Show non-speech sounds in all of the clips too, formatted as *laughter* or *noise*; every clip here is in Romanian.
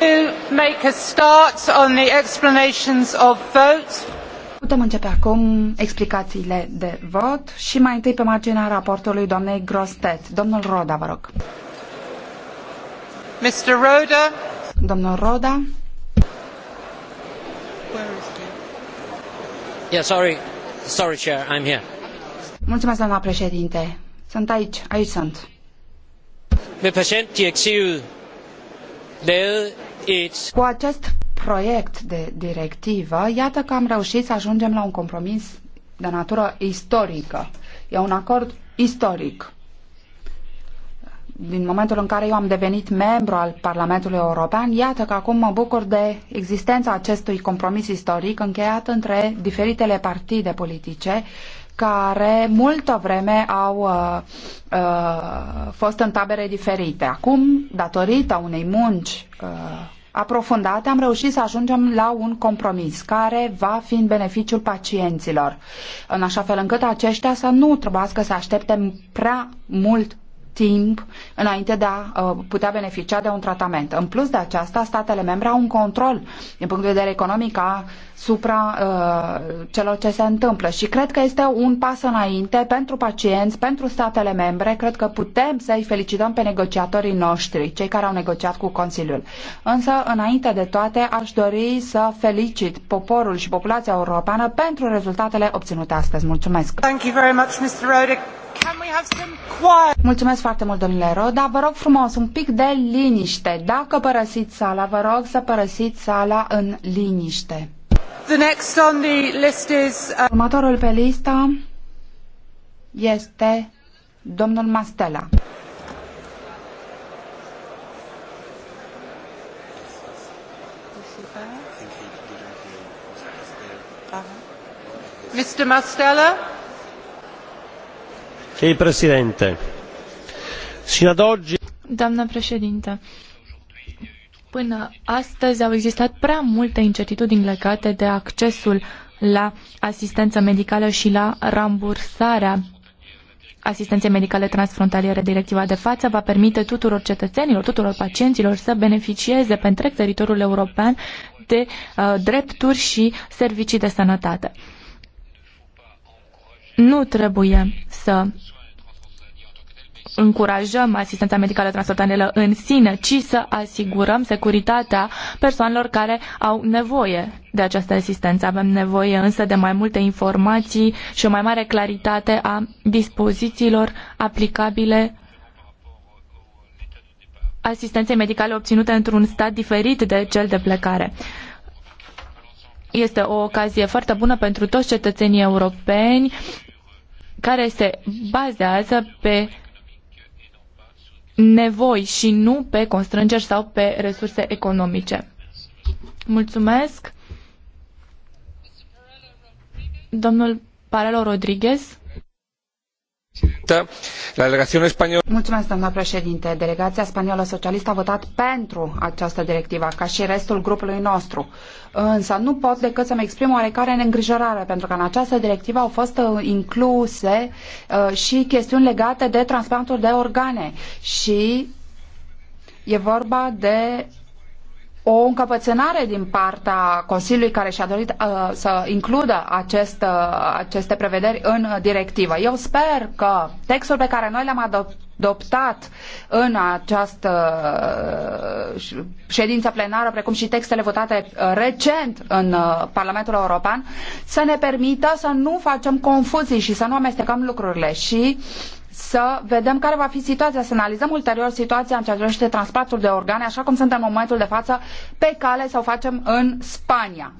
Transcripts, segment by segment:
To make a start on the explanations of vote. Putem începe acum explicațiile de vot și mai întâi pe marginea raportului doamnei Grostet. Domnul Roda, vă rog. Mr. Roda. Domnul Roda. Yeah, sorry. Sorry, Chair, I'm here. Mulțumesc, doamna președinte. Sunt aici, aici sunt. Med patientdirektivet cu acest proiect de directivă, iată că am reușit să ajungem la un compromis de natură istorică. E un acord istoric. Din momentul în care eu am devenit membru al Parlamentului European, iată că acum mă bucur de existența acestui compromis istoric încheiat între diferitele partide politice care multă vreme au uh, uh, fost în tabere diferite. Acum, datorită unei munci uh, aprofundate, am reușit să ajungem la un compromis care va fi în beneficiul pacienților, în așa fel încât aceștia să nu trebuiască să aștepte prea mult timp înainte de a uh, putea beneficia de un tratament. În plus de aceasta, statele membre au un control din punct de vedere economic asupra uh, celor ce se întâmplă și cred că este un pas înainte pentru pacienți, pentru statele membre. Cred că putem să-i felicităm pe negociatorii noștri, cei care au negociat cu Consiliul. Însă, înainte de toate, aș dori să felicit poporul și populația europeană pentru rezultatele obținute astăzi. Mulțumesc! Thank you very much, Mr. Rodic. Mulțumesc foarte mult, domnule Roda. Vă rog frumos, un pic de liniște. Dacă părăsiți sala, vă rog să părăsiți sala în liniște. The next on the list is, uh... Următorul pe lista este domnul Mastela. Mr. Mastella? Doamnă președinte, până astăzi au existat prea multe incertitudini legate de accesul la asistență medicală și la rambursarea asistenței medicale transfrontaliere. Directiva de față va permite tuturor cetățenilor, tuturor pacienților să beneficieze pe întreg teritoriul european de uh, drepturi și servicii de sănătate nu trebuie să încurajăm asistența medicală transfrontalieră în sine, ci să asigurăm securitatea persoanelor care au nevoie de această asistență. Avem nevoie însă de mai multe informații și o mai mare claritate a dispozițiilor aplicabile asistenței medicale obținute într-un stat diferit de cel de plecare. Este o ocazie foarte bună pentru toți cetățenii europeni care se bazează pe nevoi și nu pe constrângeri sau pe resurse economice. Mulțumesc. Domnul Parelo Rodriguez. Da. La spaniolă... doamna președinte. Delegația spaniolă socialistă a votat pentru această directivă, ca și restul grupului nostru. Însă nu pot decât să-mi exprim oarecare îngrijorare, pentru că în această directivă au fost uh, incluse uh, și chestiuni legate de transplantul de organe. Și e vorba de o încăpățânare din partea Consiliului care și-a dorit uh, să includă acest, uh, aceste prevederi în directivă. Eu sper că textul pe care noi l-am adoptat adoptat în această uh, ședință plenară, precum și textele votate uh, recent în uh, Parlamentul European, să ne permită să nu facem confuzii și să nu amestecăm lucrurile. Și să vedem care va fi situația, să analizăm ulterior situația în ceea ce privește transportul de organe, așa cum suntem în momentul de față pe cale să o facem în Spania.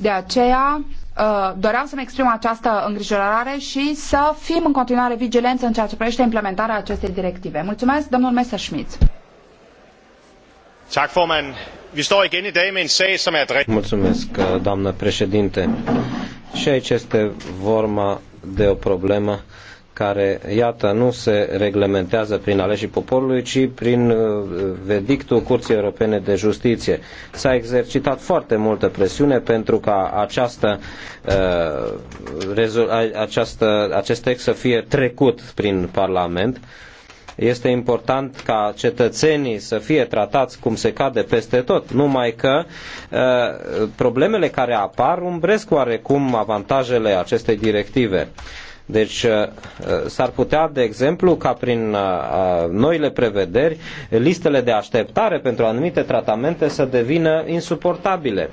De aceea uh, doream să-mi exprim această îngrijorare și să fim în continuare vigilență în ceea ce privește implementarea acestei directive. Mulțumesc, domnul Messerschmidt. Tak, formand. Vi står igen i dag med en sag, som er Mulțumesc, uh, doamnă președinte. Și aici este vorba de o problemă care, iată, nu se reglementează prin aleșii poporului, ci prin uh, verdictul Curții Europene de Justiție. S-a exercitat foarte multă presiune pentru ca această, uh, această, acest text să fie trecut prin Parlament este important ca cetățenii să fie tratați cum se cade peste tot, numai că uh, problemele care apar umbresc oarecum avantajele acestei directive. Deci uh, s-ar putea, de exemplu, ca prin uh, uh, noile prevederi, listele de așteptare pentru anumite tratamente să devină insuportabile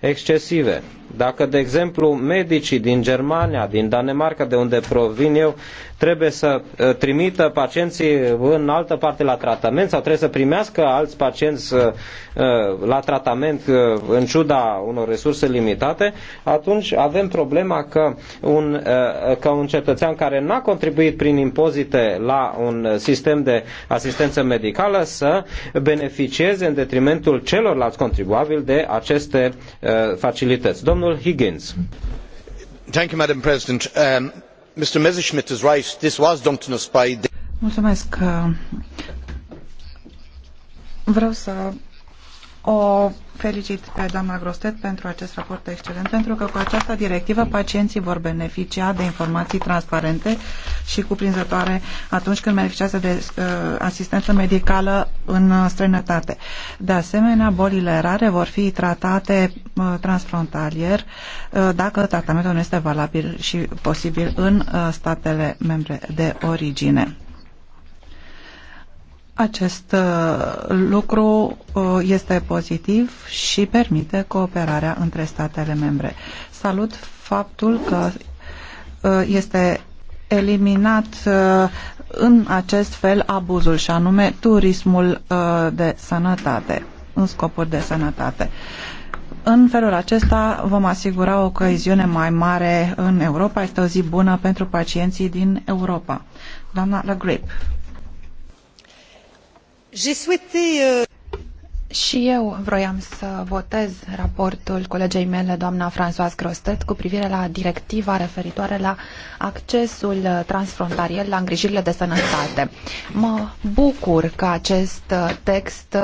excesive. Dacă, de exemplu, medicii din Germania, din Danemarca, de unde provin eu, trebuie să uh, trimită pacienții în altă parte la tratament sau trebuie să primească alți pacienți uh, uh, la tratament în ciuda unor resurse limitate, atunci avem problema că un, că un cetățean care n-a contribuit prin impozite la un sistem de asistență medicală să beneficieze în detrimentul celorlalți contribuabili de aceste facilități. Domnul Higgins. Thank you, Madam President. Um... Mr. Messerschmidt is right. This was dumped on us by the... Vreau să o felicit pe doamna Grostet pentru acest raport excelent, pentru că cu această directivă pacienții vor beneficia de informații transparente și cuprinzătoare atunci când beneficiază de uh, asistență medicală în străinătate. De asemenea, bolile rare vor fi tratate uh, transfrontalier uh, dacă tratamentul nu este valabil și posibil în uh, statele membre de origine. Acest uh, lucru uh, este pozitiv și permite cooperarea între statele membre. Salut faptul că uh, este eliminat în acest fel abuzul și anume turismul de sănătate, în scopuri de sănătate. În felul acesta vom asigura o coeziune mai mare în Europa. Este o zi bună pentru pacienții din Europa. Doamna Le Grip j'ai souhaité euh, și eu vroiam să votez raportul colegei mele, doamna Françoise Grostet, cu privire la directiva referitoare la accesul transfrontalier la îngrijirile de sănătate. Mă bucur că acest text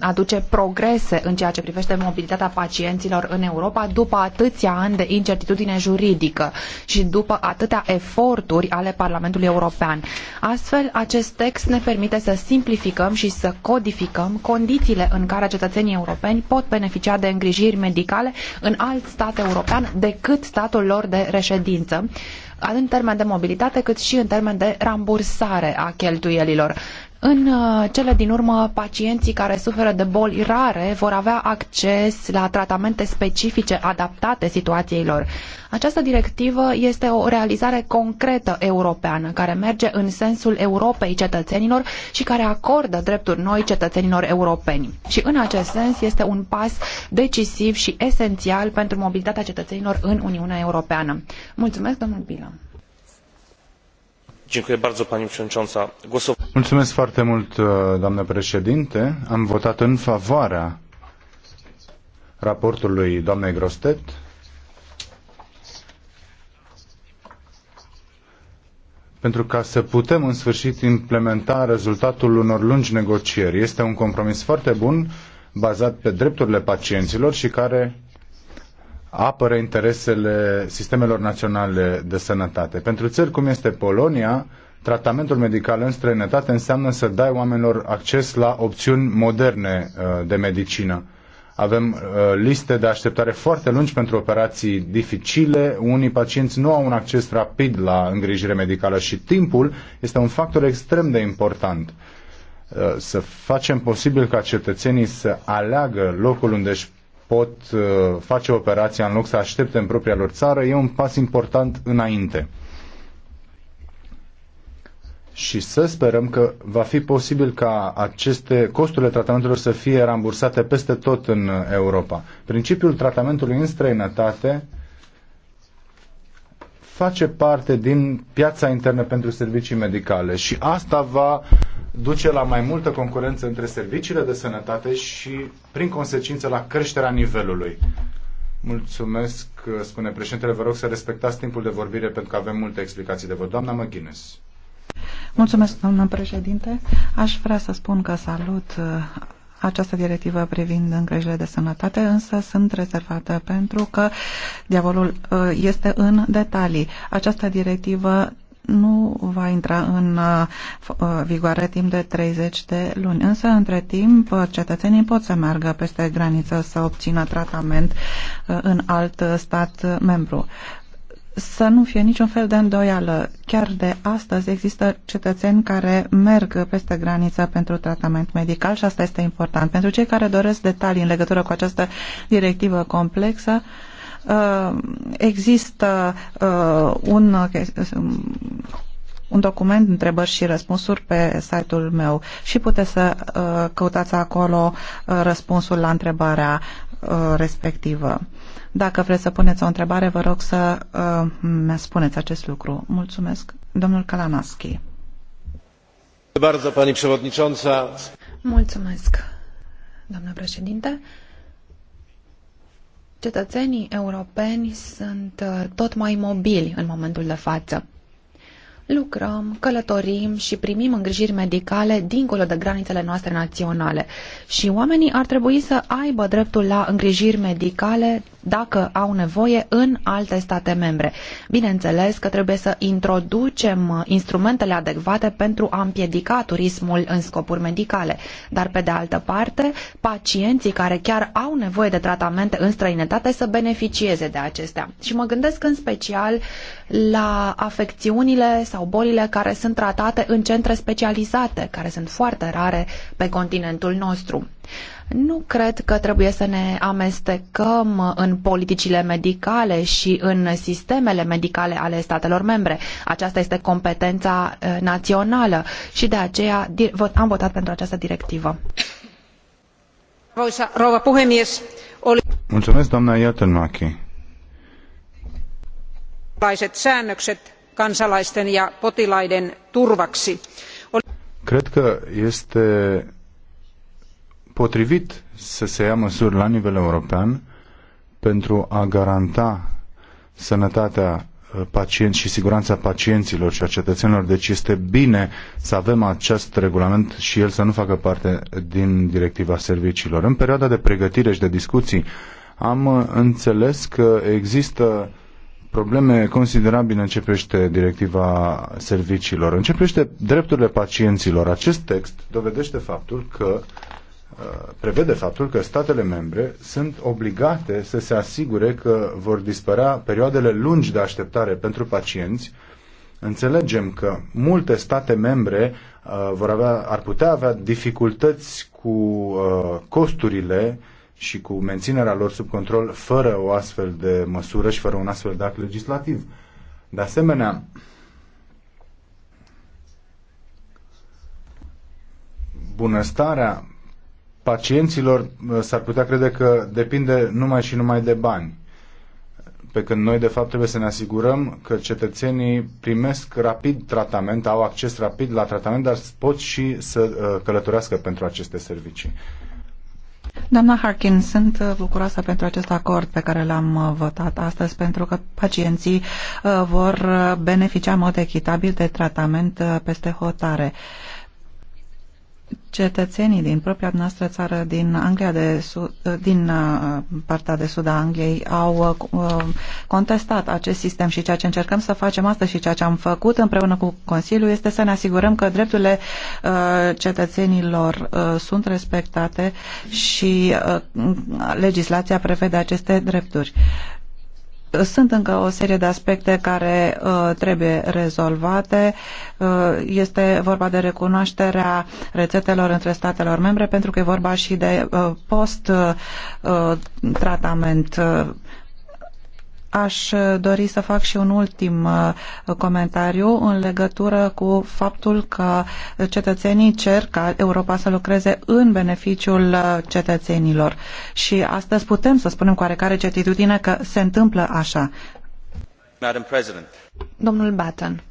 aduce progrese în ceea ce privește mobilitatea pacienților în Europa după atâția ani de incertitudine juridică și după atâtea eforturi ale Parlamentului European. Astfel, acest text ne permite să simplificăm și să codificăm condițiile în care care cetățenii europeni pot beneficia de îngrijiri medicale în alt stat european decât statul lor de reședință atât în termen de mobilitate cât și în termen de rambursare a cheltuielilor. În uh, cele din urmă, pacienții care suferă de boli rare vor avea acces la tratamente specifice adaptate situației lor. Această directivă este o realizare concretă europeană care merge în sensul Europei cetățenilor și care acordă drepturi noi cetățenilor europeni. Și în acest sens este un pas decisiv și esențial pentru mobilitatea cetățenilor în Uniunea Europeană. Mulțumesc, domnul Bilă. Mulțumesc foarte mult, uh, doamnă președinte. Am votat în favoarea raportului doamnei grossette pentru ca să putem în sfârșit implementa rezultatul unor lungi negocieri. Este un compromis foarte bun, bazat pe drepturile pacienților și care apără interesele sistemelor naționale de sănătate. Pentru țări cum este Polonia, tratamentul medical în străinătate înseamnă să dai oamenilor acces la opțiuni moderne uh, de medicină. Avem uh, liste de așteptare foarte lungi pentru operații dificile, unii pacienți nu au un acces rapid la îngrijire medicală și timpul este un factor extrem de important. Uh, să facem posibil ca cetățenii să aleagă locul unde își pot uh, face operația în loc să aștepte în propria lor țară, e un pas important înainte. Și să sperăm că va fi posibil ca aceste costurile tratamentelor să fie rambursate peste tot în Europa. Principiul tratamentului în străinătate face parte din piața internă pentru servicii medicale și asta va duce la mai multă concurență între serviciile de sănătate și, prin consecință, la creșterea nivelului. Mulțumesc, spune președintele, vă rog să respectați timpul de vorbire pentru că avem multe explicații de vot. Doamna McGuinness. Mulțumesc, doamna președinte. Aș vrea să spun că salut uh, această directivă privind îngrijirile de sănătate, însă sunt rezervată pentru că diavolul uh, este în detalii. Această directivă nu va intra în uh, uh, vigoare timp de 30 de luni. Însă, între timp, uh, cetățenii pot să meargă peste graniță să obțină tratament în alt stat membru să nu fie niciun fel de îndoială. Chiar de astăzi există cetățeni care merg peste graniță pentru tratament medical și asta este important. Pentru cei care doresc detalii în legătură cu această directivă complexă, uh, Uh, există uh, un, un document, întrebări și răspunsuri pe site-ul meu și puteți să uh, căutați acolo răspunsul la întrebarea respectivă. Dacă vreți să puneți o întrebare, vă rog să mi spuneți acest lucru. Mulțumesc. Domnul Kalanaski. Mulțumesc, doamnă președinte. Cetățenii europeni sunt uh, tot mai mobili în momentul de față lucrăm, călătorim și primim îngrijiri medicale dincolo de granițele noastre naționale. Și oamenii ar trebui să aibă dreptul la îngrijiri medicale dacă au nevoie în alte state membre. Bineînțeles că trebuie să introducem instrumentele adecvate pentru a împiedica turismul în scopuri medicale. Dar pe de altă parte, pacienții care chiar au nevoie de tratamente în străinătate să beneficieze de acestea. Și mă gândesc în special la afecțiunile sau sau bolile care sunt tratate în centre specializate, care sunt foarte rare pe continentul nostru. Nu cred că trebuie să ne amestecăm în politicile medicale și în sistemele medicale ale statelor membre. Aceasta este competența eh, națională și de aceea am votat pentru această directivă. Mulțumesc, doamna Iatenmachi. säännökset kansalaisten ja potilaiden turvaksi. Cred că este potrivit să se ia măsuri la nivel european pentru a garanta sănătatea uh, pacienților și siguranța pacienților și a cetățenilor. Deci este bine să avem acest regulament și el să nu facă parte din directiva serviciilor. În perioada de pregătire și de discuții am uh, înțeles că există probleme considerabile începește directiva serviciilor, începește drepturile pacienților. Acest text dovedește faptul că uh, prevede faptul că statele membre sunt obligate să se asigure că vor dispărea perioadele lungi de așteptare pentru pacienți. Înțelegem că multe state membre uh, vor avea, ar putea avea dificultăți cu uh, costurile uh, și cu menținerea lor sub control fără o astfel de măsură și fără un astfel de act legislativ. De asemenea, bunăstarea pacienților uh, s-ar putea crede că depinde numai și numai de bani. Pe când noi, de fapt, trebuie să ne asigurăm că cetățenii primesc rapid tratament, au acces rapid la tratament, dar pot și să uh, călătorească pentru aceste servicii. Doamna Harkin, sunt uh, bucuroasă pentru acest acord pe care l-am uh, votat astăzi, pentru că pacienții uh, vor beneficia în mod echitabil de tratament peste hotare cetățenii din propria noastră țară, din Anglia de Sud, din uh, partea de sud a Angliei, au uh, uh, contestat acest sistem și ceea ce încercăm să facem astăzi și ceea ce am făcut împreună cu Consiliul este să ne asigurăm că drepturile cetățenilor sunt respectate și legislația prevede aceste drepturi sunt încă o serie de aspecte care uh, trebuie rezolvate. Uh, este vorba de recunoașterea rețetelor între statelor membre pentru că e vorba și de uh, post-tratament uh, uh, Aș dori să fac și un ultim uh, comentariu în legătură cu faptul că cetățenii cer ca Europa să lucreze în beneficiul uh, cetățenilor. Și astăzi putem să spunem cu oarecare certitudine că se întâmplă așa. Madam President. Domnul Batten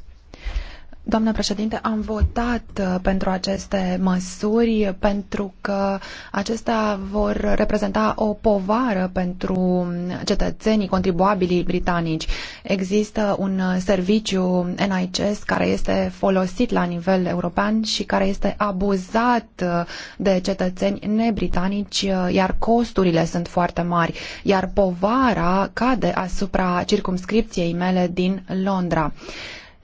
Doamnă președinte, am votat uh, pentru aceste măsuri pentru că acestea vor reprezenta o povară pentru cetățenii contribuabilii britanici. Există un uh, serviciu NHS care este folosit la nivel european și care este abuzat uh, de cetățeni nebritanici, iar costurile sunt foarte mari, iar povara cade asupra circumscripției mele din Londra.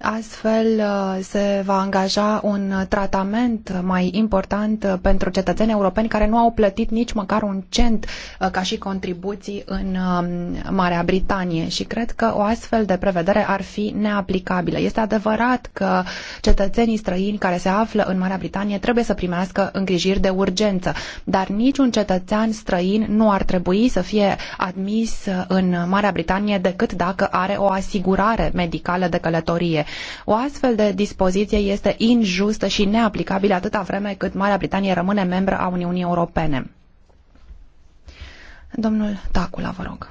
Astfel uh, se va angaja un tratament mai important uh, pentru cetățeni europeni care nu au plătit nici măcar un cent uh, ca și contribuții în um, Marea Britanie și cred că o astfel de prevedere ar fi neaplicabilă. Este adevărat că cetățenii străini care se află în Marea Britanie trebuie să primească îngrijiri de urgență, dar niciun cetățean străin nu ar trebui să fie admis în Marea Britanie decât dacă are o asigurare medicală de călătorie o astfel de dispoziție este injustă și neaplicabilă atâta vreme cât Marea Britanie rămâne membră a Uniunii Europene. Domnul Tacula, vă rog.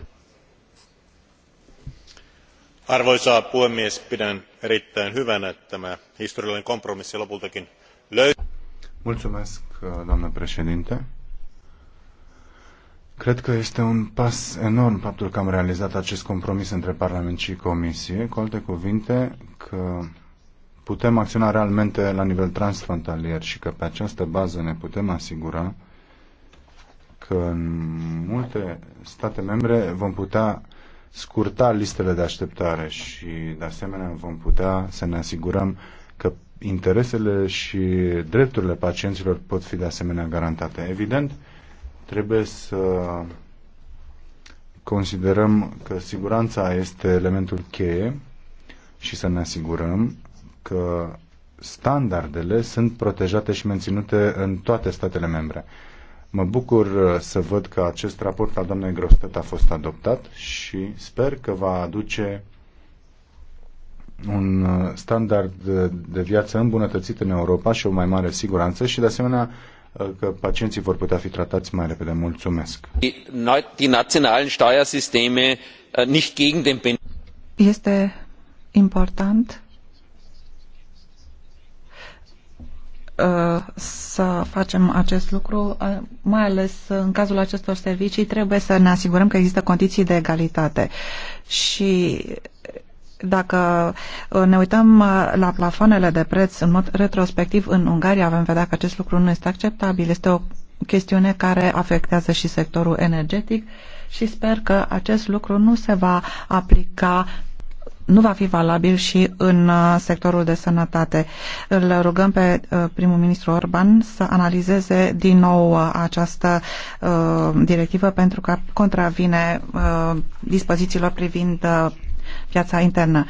Arvoisa puhemies, pidän erittäin hyvänä, että tämä historiallinen kompromissi lopultakin löytyy. Mulțumesc, doamnă președinte. Cred că este un pas enorm faptul că am realizat acest compromis între Parlament și Comisie. Cu alte cuvinte, că putem acționa realmente la nivel transfrontalier și că pe această bază ne putem asigura că în multe state membre vom putea scurta listele de așteptare și de asemenea vom putea să ne asigurăm că interesele și drepturile pacienților pot fi de asemenea garantate. Evident, Trebuie să considerăm că siguranța este elementul cheie și să ne asigurăm că standardele sunt protejate și menținute în toate statele membre. Mă bucur să văd că acest raport al doamnei Grostet a fost adoptat și sper că va aduce un standard de viață îmbunătățit în Europa și o mai mare siguranță și, de asemenea, Uh, că pacienții vor putea fi tratați mai repede. Mulțumesc! Uh, este important uh, să facem acest lucru, mai ales în cazul acestor servicii, trebuie să ne asigurăm că există condiții de egalitate. Și dacă uh, ne uităm uh, la plafoanele de preț în mod retrospectiv în Ungaria, avem vedea că acest lucru nu este acceptabil. Este o chestiune care afectează și sectorul energetic și sper că acest lucru nu se va aplica nu va fi valabil și în uh, sectorul de sănătate. Îl rugăm pe primul ministru Orban să analizeze din nou această directivă pentru că contravine dispozițiilor privind piața internă.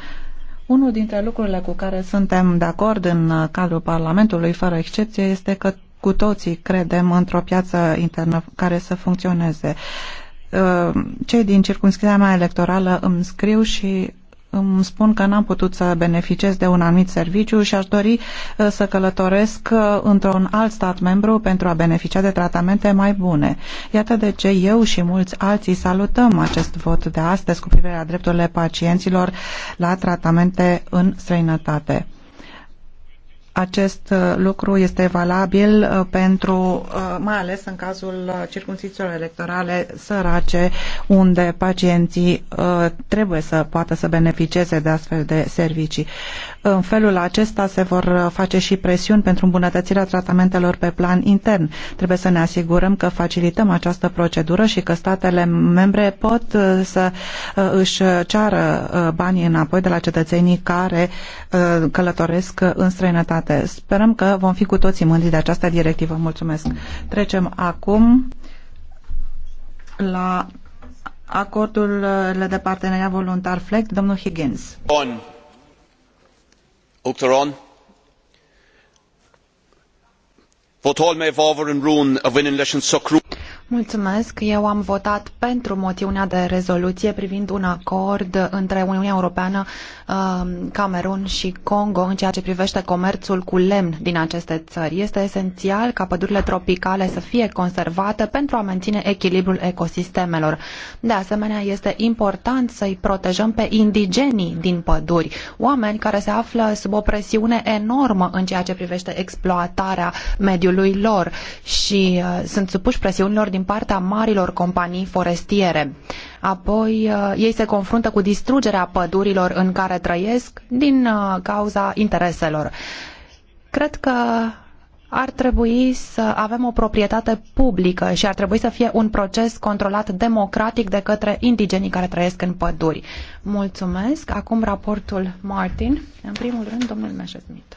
Unul dintre lucrurile cu care suntem de acord în cadrul Parlamentului, fără excepție, este că cu toții credem într-o piață internă care să funcționeze. Ă, cei din circunscripția mea electorală îmi scriu și îmi spun că n-am putut să beneficiez de un anumit serviciu și aș dori uh, să călătoresc uh, într-un alt stat membru pentru a beneficia de tratamente mai bune. Iată de ce eu și mulți alții salutăm acest vot de astăzi cu privire la drepturile pacienților la tratamente în străinătate acest uh, lucru este valabil uh, pentru, uh, mai ales în cazul circunscripțiilor electorale sărace, unde pacienții trebuie să poată să beneficieze de astfel de servicii. În felul acesta se vor face și presiuni pentru îmbunătățirea tratamentelor pe plan intern. Trebuie să ne asigurăm că facilităm această procedură și că statele membre pot să își ceară banii înapoi de la cetățenii care călătoresc în străinătate sănătate. Sperăm că vom fi cu toții mândri de această directivă. Mulțumesc. Trecem acum la acordurile de parteneriat voluntar FLECT. Domnul Higgins. On. Octoron. Votáil mé bhábhar an rún a bhaineann leis an Mulțumesc. Eu am votat pentru moțiunea de rezoluție privind un acord între Uniunea Europeană, um, Camerun și Congo în ceea ce privește comerțul cu lemn din aceste țări. Este esențial ca pădurile tropicale să fie conservate pentru a menține echilibrul ecosistemelor. De asemenea, este important să-i protejăm pe indigenii din păduri, oameni care se află sub o presiune enormă în ceea ce privește exploatarea mediului lor și uh, sunt supuși presiunilor din din partea marilor companii forestiere. Apoi uh, ei se confruntă cu distrugerea pădurilor în care trăiesc din uh, cauza intereselor. Cred că ar trebui să avem o proprietate publică și ar trebui să fie un proces controlat democratic de către indigenii care trăiesc în păduri. Mulțumesc. Acum raportul Martin. În primul rând, domnul Messerschmidt.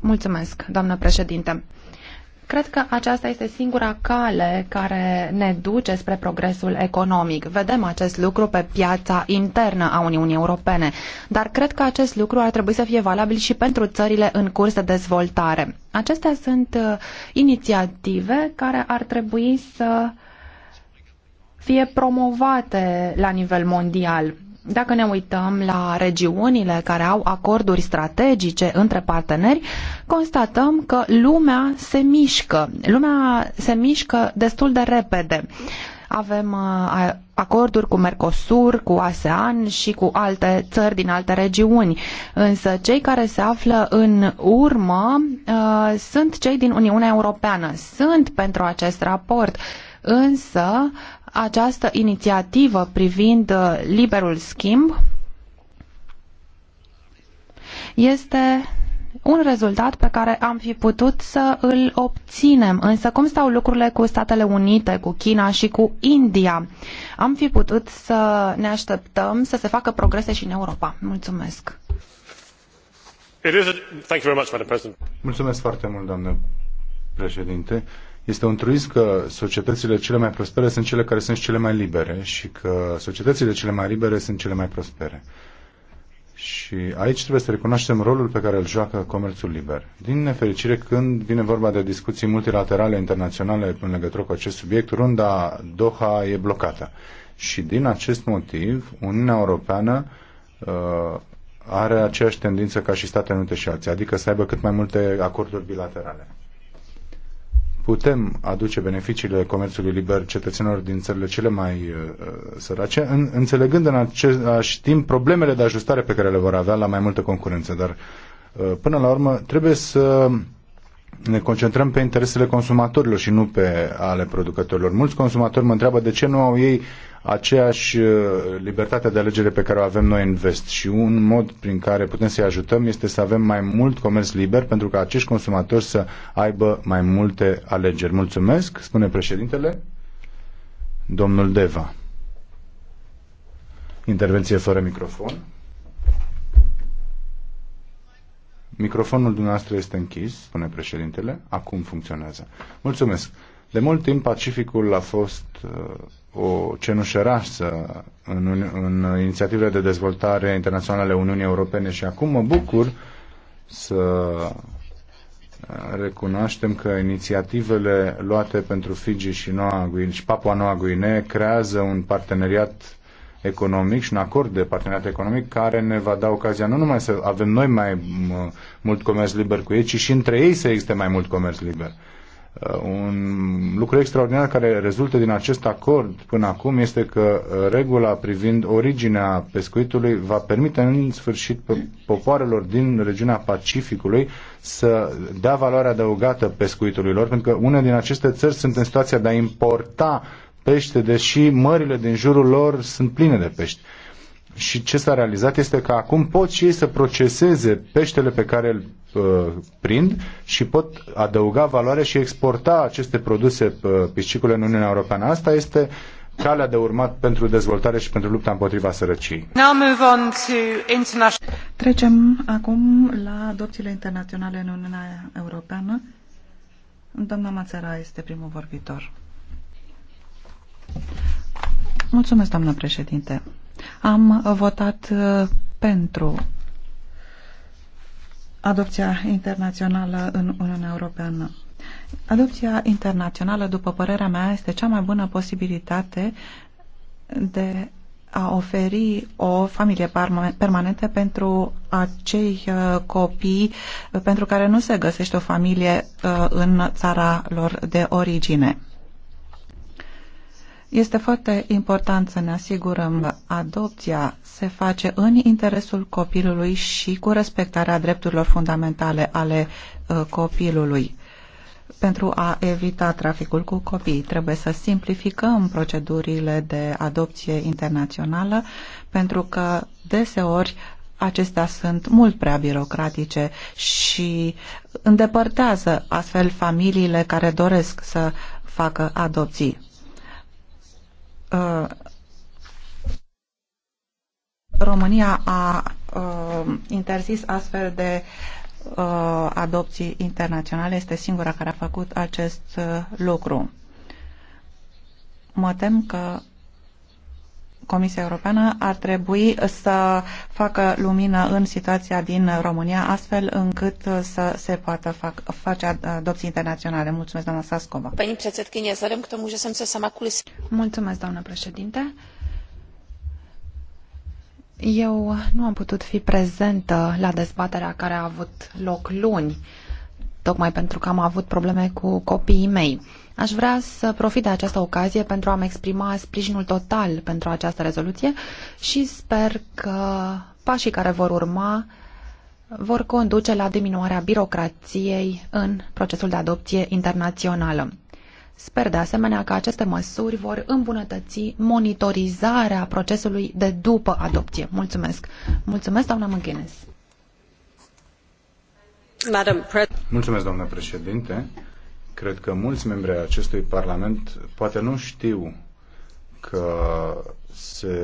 Mulțumesc, doamnă președinte. Cred că aceasta este singura cale care ne duce spre progresul economic. Vedem acest lucru pe piața internă a Uniunii Europene, dar cred că acest lucru ar trebui să fie valabil și pentru țările în curs de dezvoltare. Acestea sunt uh, inițiative care ar trebui să fie promovate la nivel mondial. Dacă ne uităm la regiunile care au acorduri strategice între parteneri, constatăm că lumea se mișcă. Lumea se mișcă destul de repede. Avem uh, acorduri cu Mercosur, cu ASEAN și cu alte țări din alte regiuni. Însă cei care se află în urmă uh, sunt cei din Uniunea Europeană. Sunt pentru acest raport însă această inițiativă privind uh, liberul schimb este un rezultat pe care am fi putut să îl obținem. Însă cum stau lucrurile cu Statele Unite, cu China și cu India? Am fi putut să ne așteptăm să se facă progrese și în Europa. Mulțumesc. Mulțumesc foarte mult, doamnă președinte. Este un truism că societățile cele mai prospere sunt cele care sunt cele mai libere și că societățile cele mai libere sunt cele mai prospere. Și aici trebuie să recunoaștem rolul pe care îl joacă comerțul liber. Din nefericire, când vine vorba de discuții multilaterale, internaționale în legătură cu acest subiect, runda Doha e blocată. Și din acest motiv, Uniunea Europeană uh, are aceeași tendință ca și Statele Unite și alții, adică să aibă cât mai multe acorduri bilaterale putem aduce beneficiile comerțului liber cetățenilor din țările cele mai uh, sărace, în, înțelegând în același timp problemele de ajustare pe care le vor avea la mai multă concurență. Dar, uh, până la urmă, trebuie să ne concentrăm pe interesele consumatorilor și nu pe ale producătorilor. Mulți consumatori mă întreabă de ce nu au ei aceeași uh, libertate de alegere pe care o avem noi în vest și un mod prin care putem să-i ajutăm este să avem mai mult comerț liber pentru ca acești consumatori să aibă mai multe alegeri. Mulțumesc, spune președintele, domnul Deva. Intervenție fără microfon. Microfonul dumneavoastră este închis, spune președintele. Acum funcționează. Mulțumesc. De mult timp Pacificul a fost uh, o cenușărasă în, în inițiativele de dezvoltare internaționale ale Uniunii Europene și acum mă bucur să uh, recunoaștem că inițiativele luate pentru Fiji și, Noua Guine, și Papua Noua Guinee creează un parteneriat economic și un acord de parteneriat economic care ne va da ocazia nu numai să avem noi mai uh, mult comerț liber cu ei, ci și între ei să existe mai mult comerț liber. Uh, un lucru extraordinar care rezultă din acest acord până acum este că uh, regula privind originea pescuitului va permite în sfârșit popoarelor din regiunea Pacificului să dea valoare adăugată pescuitului lor, pentru că unele din aceste țări sunt în situația de a importa pește, deși mările din jurul lor sunt pline de pești. Și ce s-a realizat este că acum pot și ei să proceseze peștele pe care îl Uh, prind și pot adăuga valoare și exporta aceste produse uh, piscicole în Uniunea Europeană. Asta este calea de urmat pentru dezvoltare și pentru lupta împotriva sărăciei. Trecem acum la adopțiile internaționale în Uniunea Europeană. Doamna Mațara este primul vorbitor. Mulțumesc, doamnă președinte. Am votat uh, pentru adopția internațională în Uniunea Europeană. Adopția internațională, după părerea mea, este cea mai bună posibilitate de a oferi o familie permanentă pentru acei uh, copii uh, pentru care nu se găsește o familie uh, în țara lor de origine. Este foarte important să ne asigurăm adopția se face în interesul copilului și cu respectarea drepturilor fundamentale ale uh, copilului. Pentru a evita traficul cu copii, trebuie să simplificăm procedurile de adopție internațională, pentru că deseori acestea sunt mult prea birocratice și îndepărtează astfel familiile care doresc să facă adopții Uh, România a uh, interzis astfel de uh, adopții internaționale, este singura care a făcut acest uh, lucru. Mă tem că Comisia Europeană ar trebui să facă lumină în situația din România, astfel încât să se poată fac, face adopții internaționale. Mulțumesc, doamna Sascova. Mulțumesc, doamnă președinte. Eu nu am putut fi prezentă la dezbaterea care a avut loc luni, tocmai pentru că am avut probleme cu copiii mei. Aș vrea să profit de această ocazie pentru a-mi exprima sprijinul total pentru această rezoluție și sper că pașii care vor urma vor conduce la diminuarea birocrației în procesul de adopție internațională. Sper de asemenea că aceste măsuri vor îmbunătăți monitorizarea procesului de după adopție. Mulțumesc. Mulțumesc, doamna McGuinness. Mulțumesc, doamna președinte. Cred că mulți membri ai acestui Parlament poate nu știu că, se,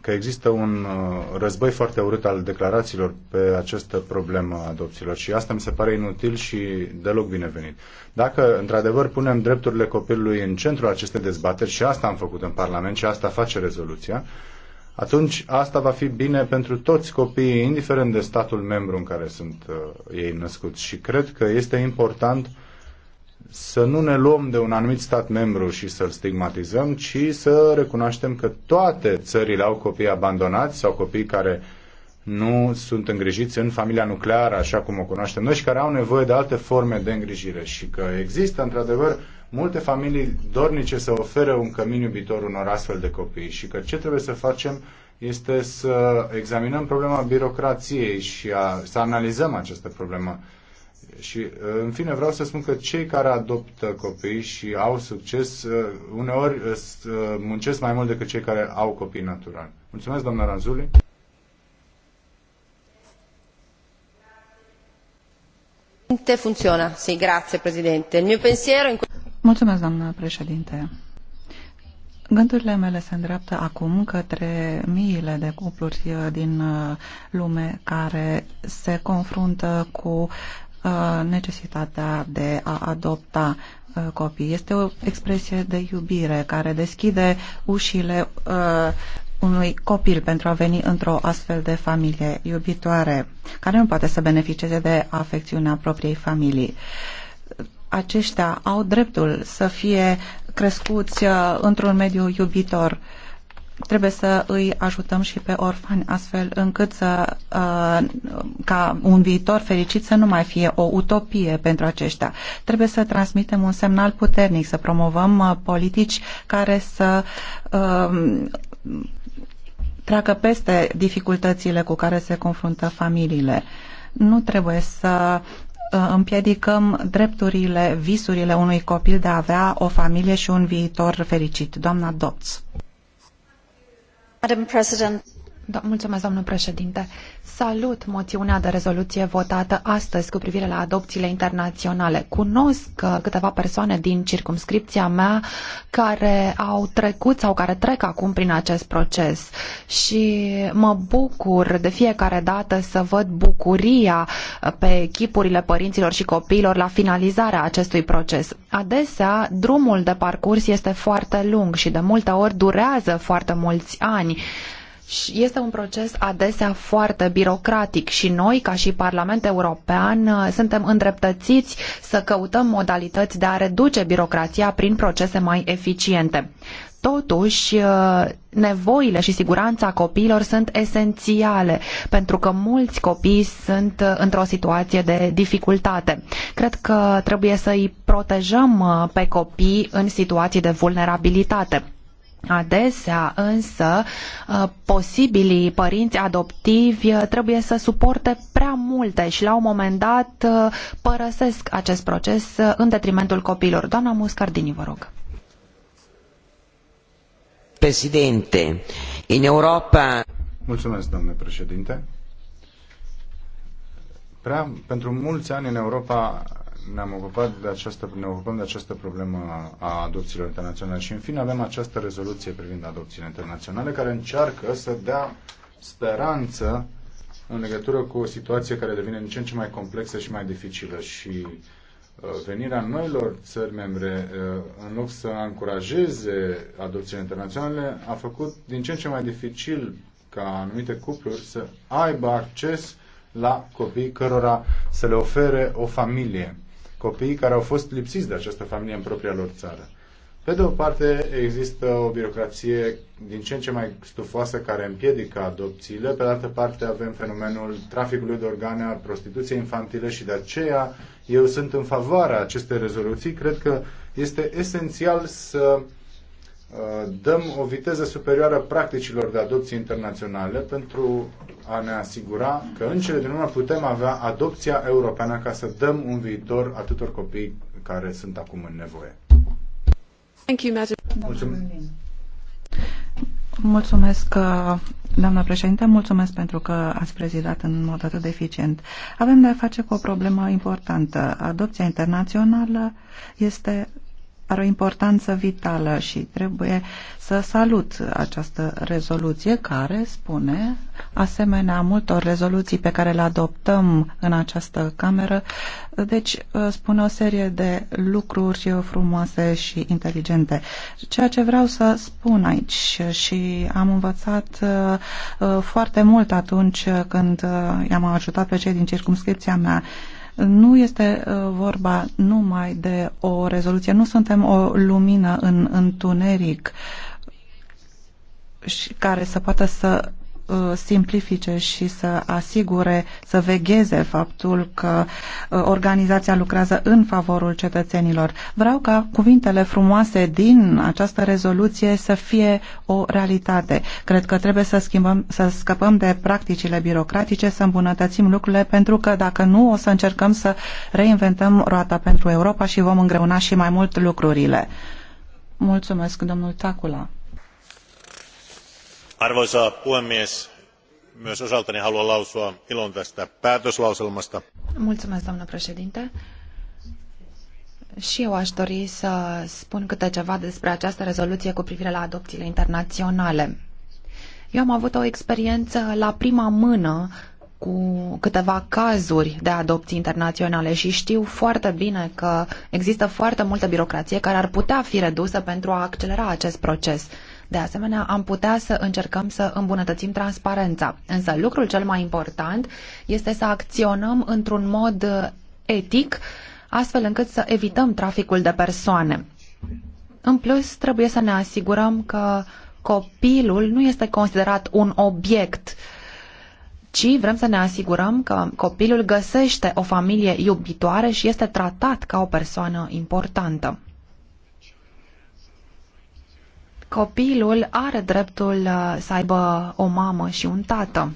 că există un uh, război foarte urât al declarațiilor pe această problemă a adopțiilor și asta mi se pare inutil și deloc binevenit. Dacă într-adevăr punem drepturile copilului în centrul acestei dezbateri și asta am făcut în Parlament și asta face rezoluția, atunci asta va fi bine pentru toți copiii, indiferent de statul membru în care sunt uh, ei născuți. Și cred că este important uh, să nu ne luăm de un anumit stat membru și să-l stigmatizăm, ci să recunoaștem că toate țările au copii abandonați sau copii care nu sunt îngrijiți în familia nucleară, așa cum o cunoaștem noi, și care au nevoie de alte forme de îngrijire și că există, într-adevăr, multe familii dornice să ofere un cămin iubitor unor astfel de copii și că ce trebuie să facem este să examinăm problema birocrației și a, să analizăm această problemă și, uh, în fine, vreau să spun că cei care adoptă copii și au succes, uh, uneori uh, muncesc mai mult decât cei care au copii natural. Mulțumesc, doamna Ranzuli. Funcționa. Sì, grazie, Presidente. Il mio pensiero... In... Mulțumesc, doamna președinte. Gândurile mele se îndreaptă acum către miile de cupluri din lume care se confruntă cu Uh, necesitatea de a adopta uh, copii. Este o expresie de iubire care deschide ușile uh, unui copil pentru a veni într-o astfel de familie iubitoare, care nu poate să beneficieze de afecțiunea propriei familii. Aceștia au dreptul să fie crescuți într-un mediu iubitor trebuie să îi ajutăm și pe orfani astfel încât să uh, ca un viitor fericit să nu mai fie o utopie pentru aceștia. Trebuie să transmitem un semnal puternic, să promovăm uh, politici care să uh, treacă peste dificultățile cu care se confruntă familiile. Nu trebuie să împiedicăm drepturile, visurile unui copil de a avea o familie și un viitor fericit. Doamna Doț madam president da, mulțumesc, doamnă președinte. Salut moțiunea de rezoluție votată astăzi cu privire la adopțiile internaționale. Cunosc uh, câteva persoane din circumscripția mea care au trecut sau care trec acum prin acest proces și mă bucur de fiecare dată să văd bucuria uh, pe chipurile părinților și copiilor la finalizarea acestui proces. Adesea, drumul de parcurs este foarte lung și de multe ori durează foarte mulți ani este un proces adesea foarte birocratic și noi, ca și Parlament European, uh, suntem îndreptățiți să căutăm modalități de a reduce birocrația prin procese mai eficiente. Totuși, uh, nevoile și siguranța copiilor sunt esențiale, pentru că mulți copii sunt uh, într-o situație de dificultate. Cred că trebuie să îi protejăm pe copii în situații de vulnerabilitate Adesea, însă, uh, posibilii părinți adoptivi uh, trebuie să suporte prea multe și la un moment dat uh, părăsesc acest proces în detrimentul copiilor. Doamna Muscardini, vă rog. Președinte, în Europa... Mulțumesc, domnule președinte. Prea, pentru mulți ani în Europa ne-am ocupat de această, ne ocupăm de această problemă a adopțiilor internaționale și în fine avem această rezoluție privind adopțiile internaționale care încearcă să dea speranță în legătură cu o situație care devine din ce în ce mai complexă și mai dificilă și uh, venirea noilor țări membre, uh, în loc să încurajeze adopțiile internaționale, a făcut din ce în ce mai dificil ca anumite cupluri să aibă acces la copii cărora să le ofere o familie copiii care au fost lipsiți de această familie în propria lor țară. Pe de o parte, există o birocrație din ce în ce mai stufoasă care împiedică adopțiile, pe de altă parte avem fenomenul traficului de organe, a prostituției infantile și de aceea eu sunt în favoarea acestei rezoluții. Cred că este esențial să dăm o viteză superioară practicilor de adopție internaționale pentru a ne asigura că în cele din urmă putem avea adopția europeană ca să dăm un viitor atâtor copii care sunt acum în nevoie. Thank you, Mulțumesc. Mulțumesc, uh, doamna președinte, mulțumesc pentru că ați prezidat în mod atât de eficient. Avem de a face cu o problemă importantă. Adopția internațională este are o importanță vitală și trebuie să salut această rezoluție care spune, asemenea multor rezoluții pe care le adoptăm în această cameră, deci uh, spune o serie de lucruri frumoase și inteligente. Ceea ce vreau să spun aici și am învățat uh, uh, foarte mult atunci când i-am ajutat pe cei din circumscripția mea, nu este uh, vorba numai de o rezoluție, nu suntem o lumină în întuneric și care să poată să Uh, simplifice și să asigure, să vegheze faptul că uh, organizația lucrează în favorul cetățenilor. Vreau ca cuvintele frumoase din această rezoluție să fie o realitate. Cred că trebuie să, schimbăm, să scăpăm de practicile birocratice, să îmbunătățim lucrurile, pentru că dacă nu, o să încercăm să reinventăm roata pentru Europa și vom îngreuna și mai mult lucrurile. Mulțumesc, domnul Tacula arvoisa puhemies myös osaltani haluan lausua ilon tästä päätöslauselmasta. Și eu aș dori să spun câte ceva despre această rezoluție cu privire la adopțiile internaționale. Eu am avut o experiență la prima mână cu câteva cazuri de adopții internaționale și știu foarte bine că există foarte multă birocrație care ar putea fi redusă pentru a accelera acest proces. De asemenea, am putea să încercăm să îmbunătățim transparența. Însă lucrul cel mai important este să acționăm într-un mod uh, etic, astfel încât să evităm traficul de persoane. În plus, trebuie să ne asigurăm că copilul nu este considerat un obiect, ci vrem să ne asigurăm că copilul găsește o familie iubitoare și este tratat ca o persoană importantă. Copilul are dreptul uh, să aibă o mamă și un tată.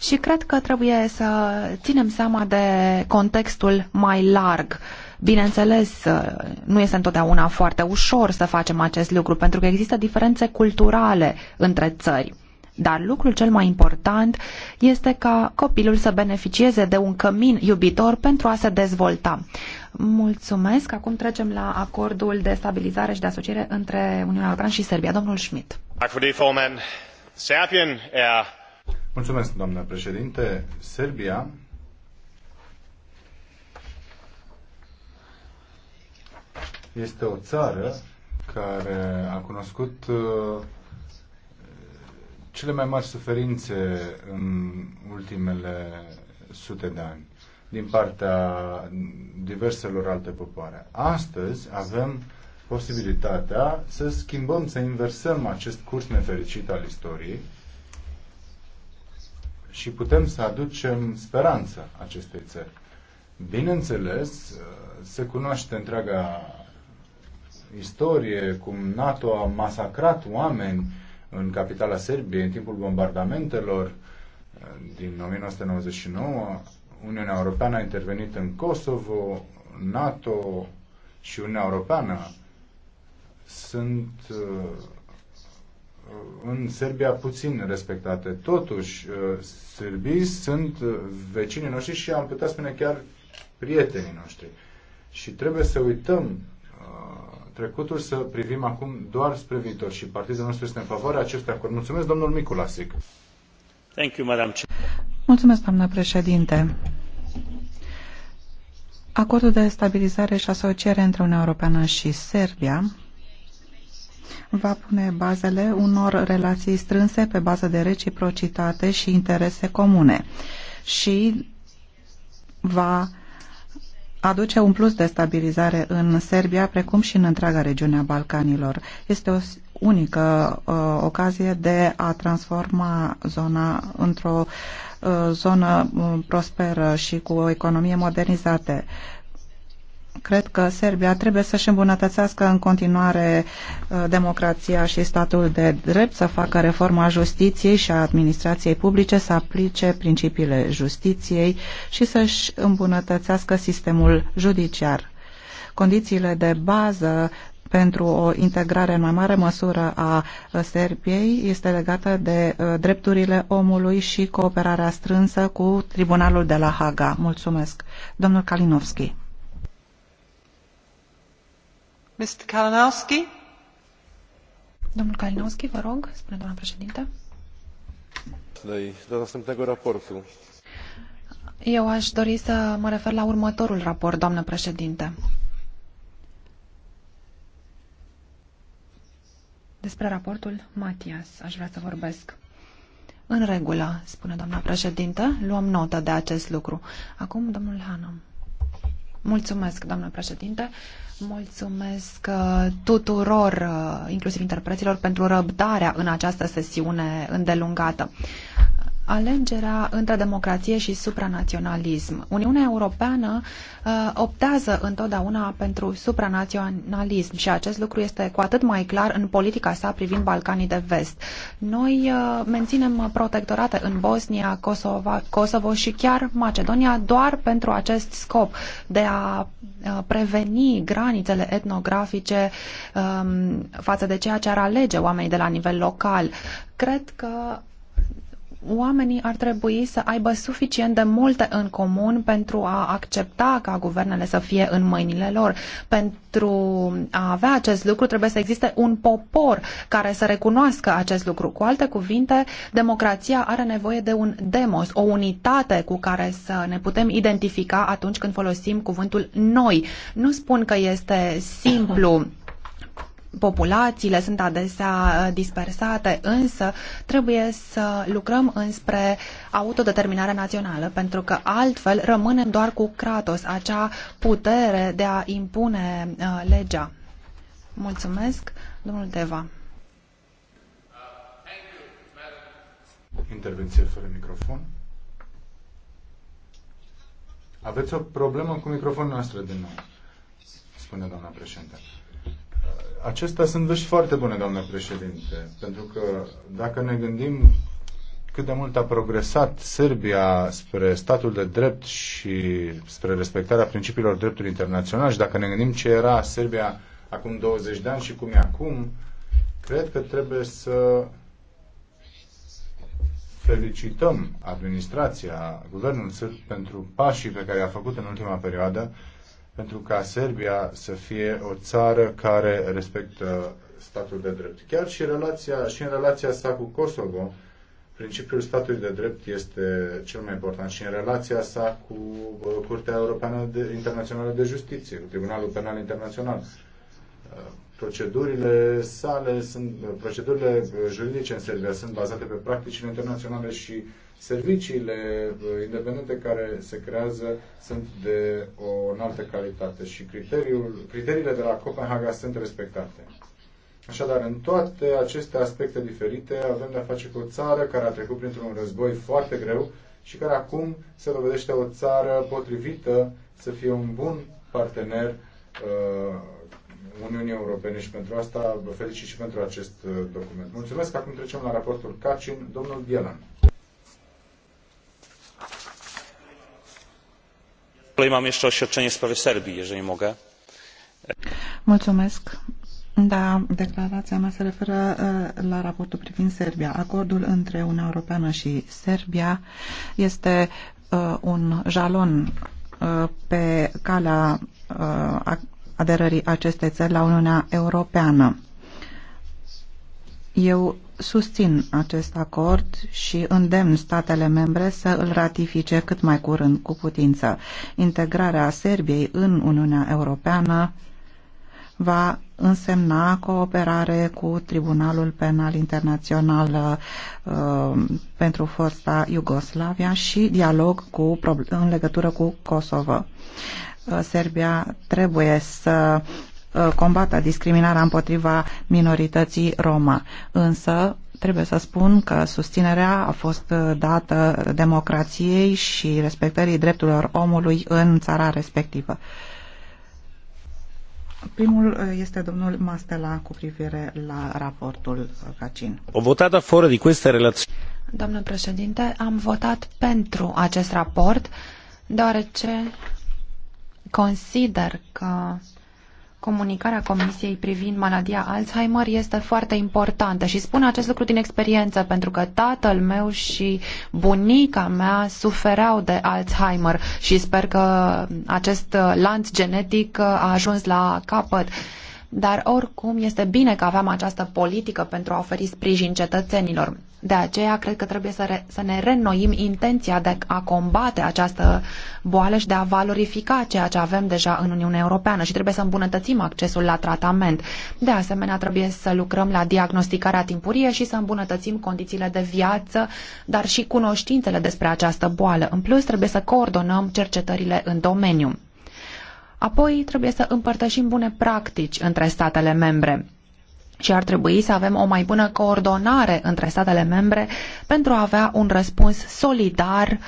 Și cred că trebuie să ținem seama de contextul mai larg. Bineînțeles, uh, nu este întotdeauna foarte ușor să facem acest lucru, pentru că există diferențe culturale între țări. Dar lucrul cel mai important este ca copilul să beneficieze de un cămin iubitor pentru a se dezvolta. Mulțumesc. Acum trecem la acordul de stabilizare și de asociere între Uniunea Europeană și Serbia. Domnul Schmidt. Er- Mulțumesc, doamnă președinte. Serbia este o țară care a cunoscut uh, cele mai mari suferințe în ultimele sute de ani din partea diverselor alte popoare. Astăzi avem posibilitatea să schimbăm, să inversăm acest curs nefericit al istoriei și putem să aducem speranță acestei țări. Bineînțeles, se cunoaște întreaga istorie, cum NATO a masacrat oameni în capitala Serbiei în timpul bombardamentelor din 1999, Uniunea Europeană a intervenit în Kosovo, NATO și Uniunea Europeană sunt uh, în Serbia puțin respectate. Totuși, uh, Serbii sunt uh, vecinii noștri și am putea spune chiar prietenii noștri. Și trebuie să uităm trecutul, să privim acum doar spre viitor și partidul nostru este în favoarea acestui acord. Mulțumesc, domnul Miculasic. Thank you, madam. Mulțumesc, doamnă președinte. Acordul de stabilizare și asociere între Uniunea Europeană și Serbia va pune bazele unor relații strânse pe bază de reciprocitate și interese comune și va aduce un plus de stabilizare în Serbia, precum și în întreaga regiune a Balcanilor. Este o unică uh, ocazie de a transforma zona într-o uh, zonă uh, prosperă și cu o economie modernizată. Cred că Serbia trebuie să-și îmbunătățească în continuare uh, democrația și statul de drept, să facă reforma justiției și a administrației publice, să aplice principiile justiției și să-și îmbunătățească sistemul judiciar condițiile de bază pentru o integrare în mai mare măsură a Serbiei este legată de uh, drepturile omului și cooperarea strânsă cu Tribunalul de la Haga. Mulțumesc. Domnul Kalinowski. Mr. Kalinowski? Domnul Kalinowski, vă rog, spune doamna președinte. Do następnego raportu. Eu aș dori să mă refer la următorul raport, doamnă președinte. Despre raportul Matias aș vrea să vorbesc. În regulă, spune doamna președintă, luăm notă de acest lucru. Acum, domnul Hanam. Mulțumesc, doamna președinte. Mulțumesc uh, tuturor, uh, inclusiv interpreților, pentru răbdarea în această sesiune îndelungată alegerea între democrație și supranaționalism. Uniunea Europeană uh, optează întotdeauna pentru supranaționalism și acest lucru este cu atât mai clar în politica sa privind Balcanii de Vest. Noi uh, menținem protectorate în Bosnia, Kosova, Kosovo și chiar Macedonia doar pentru acest scop de a uh, preveni granițele etnografice um, față de ceea ce ar alege oamenii de la nivel local. Cred că oamenii ar trebui să aibă suficient de multe în comun pentru a accepta ca guvernele să fie în mâinile lor. Pentru a avea acest lucru trebuie să existe un popor care să recunoască acest lucru. Cu alte cuvinte, democrația are nevoie de un demos, o unitate cu care să ne putem identifica atunci când folosim cuvântul noi. Nu spun că este simplu *laughs* populațiile sunt adesea uh, dispersate, însă trebuie să lucrăm înspre autodeterminarea națională, pentru că altfel rămânem doar cu Kratos, acea putere de a impune uh, legea. Mulțumesc, domnul Deva. Uh, Intervenție fără microfon. Aveți o problemă cu microfonul noastră din nou, spune doamna președinte acestea sunt vești foarte bune, doamnă președinte, pentru că dacă ne gândim cât de mult a progresat Serbia spre statul de drept și spre respectarea principiilor dreptului internațional și dacă ne gândim ce era Serbia acum 20 de ani și cum e acum, cred că trebuie să felicităm administrația, guvernul sârb pentru pașii pe care i-a făcut în ultima perioadă pentru ca Serbia să fie o țară care respectă statul de drept. Chiar și, relația, și în relația sa cu Kosovo, principiul statului de drept este cel mai important și în relația sa cu uh, Curtea Europeană de, Internațională de Justiție, cu Tribunalul Penal Internațional. Uh, procedurile sale sunt, uh, procedurile juridice în Serbia sunt bazate pe practicile internaționale și uh, serviciile uh, independente care se creează sunt de o înaltă calitate și criteriul, criteriile de la Copenhaga sunt respectate. Așadar, în toate aceste aspecte diferite avem de-a face cu o țară care a trecut printr-un război foarte greu și care acum se dovedește o țară potrivită să fie un bun partener uh, Uniunii Europene și pentru asta vă felicit și pentru acest uh, document. Mulțumesc. Acum trecem la raportul Cacin. Domnul Bielan. kolei mam jeszcze oświadczenie w sprawie serbii jeżeli mogę. Mulțumesc. Da, declarația mea se referă la raportul privind Serbia. Acordul între Uniunea Europeană și Serbia este uh, un jalon uh, pe calea uh, aderării acestei țări la Uniunea Europeană. Eu susțin acest acord și îndemn statele membre să îl ratifice cât mai curând cu putință. Integrarea Serbiei în Uniunea Europeană va însemna cooperare cu Tribunalul Penal Internațional uh, pentru fosta Iugoslavia și dialog cu, în legătură cu Kosovo. Uh, Serbia trebuie să Uh, combată discriminarea împotriva minorității Roma. Însă, trebuie să spun că susținerea a fost uh, dată democrației și respectării drepturilor omului în țara respectivă. Primul uh, este domnul Mastela cu privire la raportul Cacin. O votată fără de aceste relații. Domnul președinte, am votat pentru acest raport, deoarece consider că comunicarea Comisiei privind maladia Alzheimer este foarte importantă și spun acest lucru din experiență pentru că tatăl meu și bunica mea sufereau de Alzheimer și sper că acest lanț genetic a ajuns la capăt. Dar oricum este bine că avem această politică pentru a oferi sprijin cetățenilor. De aceea, cred că trebuie să, re, să ne reînnoim intenția de a combate această boală și de a valorifica ceea ce avem deja în Uniunea Europeană și trebuie să îmbunătățim accesul la tratament. De asemenea, trebuie să lucrăm la diagnosticarea timpurie și să îmbunătățim condițiile de viață, dar și cunoștințele despre această boală. În plus, trebuie să coordonăm cercetările în domeniu. Apoi, trebuie să împărtășim bune practici între statele membre și ar trebui să avem o mai bună coordonare între statele membre pentru a avea un răspuns solidar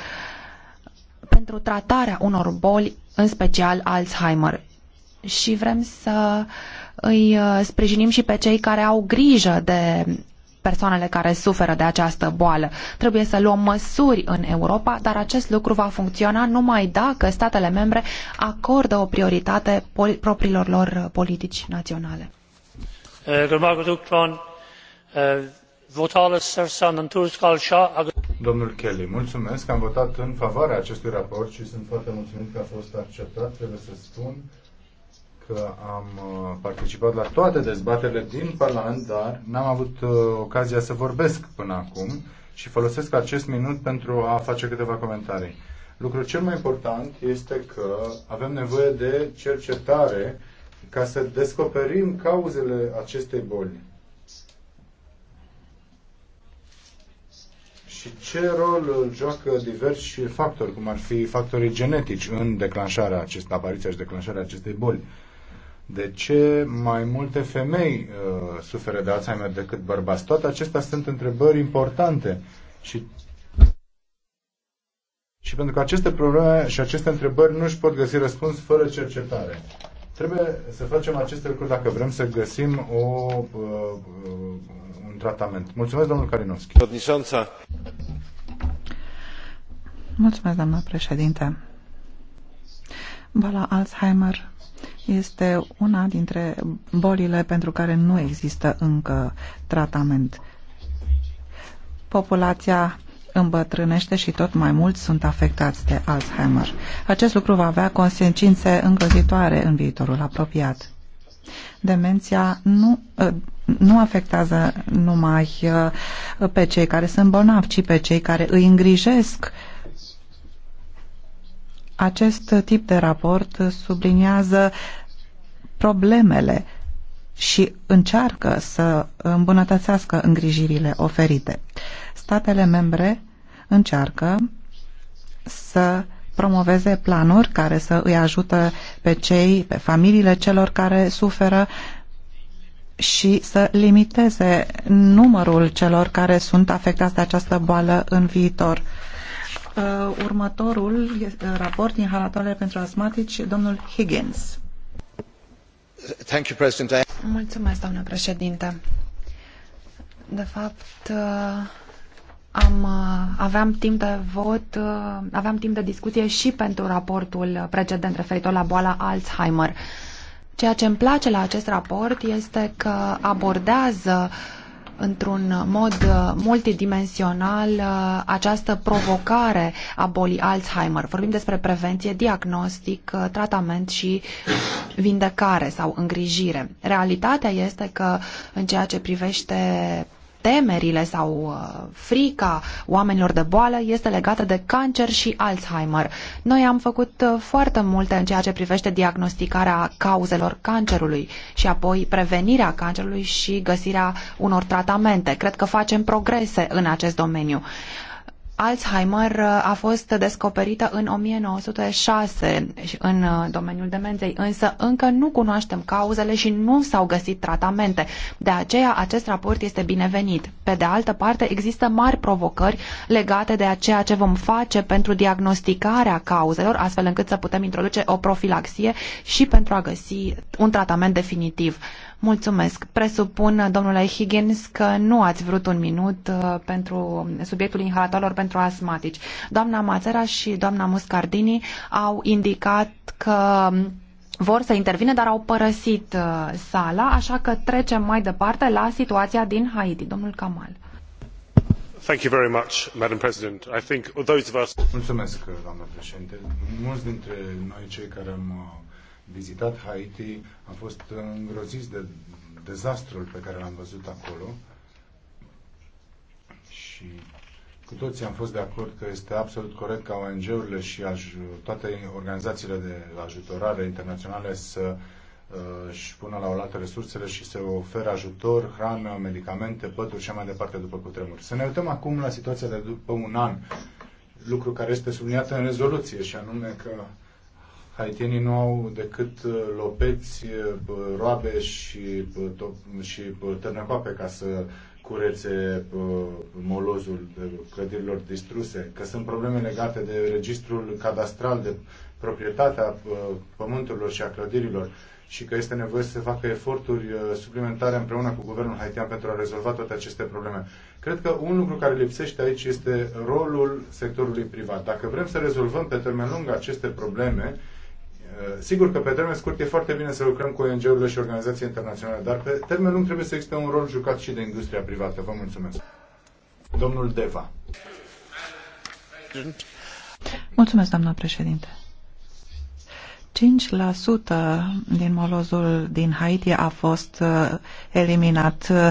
pentru tratarea unor boli, în special Alzheimer. Și vrem să îi uh, sprijinim și pe cei care au grijă de persoanele care suferă de această boală. Trebuie să luăm măsuri în Europa, dar acest lucru va funcționa numai dacă statele membre acordă o prioritate propriilor lor politici naționale. Uh, Domnule Kelly, mulțumesc. Am votat în favoarea acestui raport și sunt foarte mulțumit că a fost acceptat. Trebuie să spun că am uh, participat la toate dezbaterile din Parlament, dar n-am avut uh, ocazia să vorbesc până acum și folosesc acest minut pentru a face câteva comentarii. Lucrul cel mai important este că avem nevoie de cercetare ca să descoperim cauzele acestei boli. Și ce rol joacă diversi factori, cum ar fi factorii genetici în declanșarea acestei apariția și declanșarea acestei boli? De ce mai multe femei uh, suferă de Alzheimer decât bărbați? Toate acestea sunt întrebări importante și și pentru că aceste probleme și aceste întrebări nu își pot găsi răspuns fără cercetare. Trebuie să facem aceste lucruri dacă vrem să găsim o, uh, un tratament. Mulțumesc, domnul Kalinovski. Mulțumesc, doamna președinte. Boala Alzheimer este una dintre bolile pentru care nu există încă tratament. Populația îmbătrânește și tot mai mult sunt afectați de Alzheimer. Acest lucru va avea consecințe îngrozitoare în viitorul apropiat. Demenția nu, ă, nu afectează numai ă, pe cei care sunt bolnavi, ci pe cei care îi îngrijesc. Acest tip de raport subliniază problemele și încearcă să îmbunătățească îngrijirile oferite. Statele membre încearcă să promoveze planuri care să îi ajută pe cei, pe familiile celor care suferă și să limiteze numărul celor care sunt afectați de această boală în viitor. Uh, următorul uh, raport inhalatoare pentru asmatici, domnul Higgins. Mulțumesc, doamnă președinte. De fapt, uh, am, uh, aveam timp de vot, uh, aveam timp de discuție și pentru raportul precedent referitor la boala Alzheimer. Ceea ce îmi place la acest raport este că abordează uh, într-un mod uh, multidimensional uh, această provocare a bolii Alzheimer. Vorbim despre prevenție, diagnostic, uh, tratament și vindecare sau îngrijire. Realitatea este că în ceea ce privește temerile sau uh, frica oamenilor de boală este legată de cancer și Alzheimer. Noi am făcut uh, foarte multe în ceea ce privește diagnosticarea cauzelor cancerului și apoi prevenirea cancerului și găsirea unor tratamente. Cred că facem progrese în acest domeniu. Alzheimer uh, a fost descoperită în 1906 în uh, domeniul demenței, însă încă nu cunoaștem cauzele și nu s-au găsit tratamente. De aceea, acest raport este binevenit. Pe de altă parte, există mari provocări legate de ceea ce vom face pentru diagnosticarea cauzelor, astfel încât să putem introduce o profilaxie și pentru a găsi un tratament definitiv. Mulțumesc. Presupun, domnule Higgins, că nu ați vrut un minut uh, pentru subiectul inhalatorilor pentru asmatici. Doamna Mațera și doamna Muscardini au indicat că um, vor să intervine, dar au părăsit uh, sala, așa că trecem mai departe la situația din Haiti. Domnul Kamal. Thank you very much, Madam President. I think those of us, Mulțumesc, doamna președinte. Mulți dintre noi cei care am vizitat Haiti, am fost îngroziți de dezastrul pe care l-am văzut acolo și cu toții am fost de acord că este absolut corect ca ONG-urile și toate organizațiile de ajutorare internaționale să uh, își pună la oaltă resursele și să ofere ajutor, hrană, medicamente, pături și mai departe după cutremur. Să ne uităm acum la situația de după un an, lucru care este subliniat în rezoluție și anume că haitienii nu au decât uh, lopeți, uh, roabe și, și târnăcoape ca să curețe molozul clădirilor distruse, că sunt probleme legate de registrul cadastral, de proprietatea pământurilor și a clădirilor și că este nevoie să se facă eforturi uh, suplimentare împreună cu guvernul haitian pentru a rezolva toate aceste probleme. Cred că un lucru care lipsește aici este rolul sectorului privat. Dacă vrem să rezolvăm pe termen lung aceste probleme, Eh, sigur că pe termen scurt e foarte bine să lucrăm cu ONG-urile și organizații internaționale, dar pe termen lung trebuie să existe un rol jucat și de industria privată. Vă mulțumesc. Domnul Deva. Mulțumesc, doamna președinte. 5% din molozul din Haiti a fost uh, eliminat uh,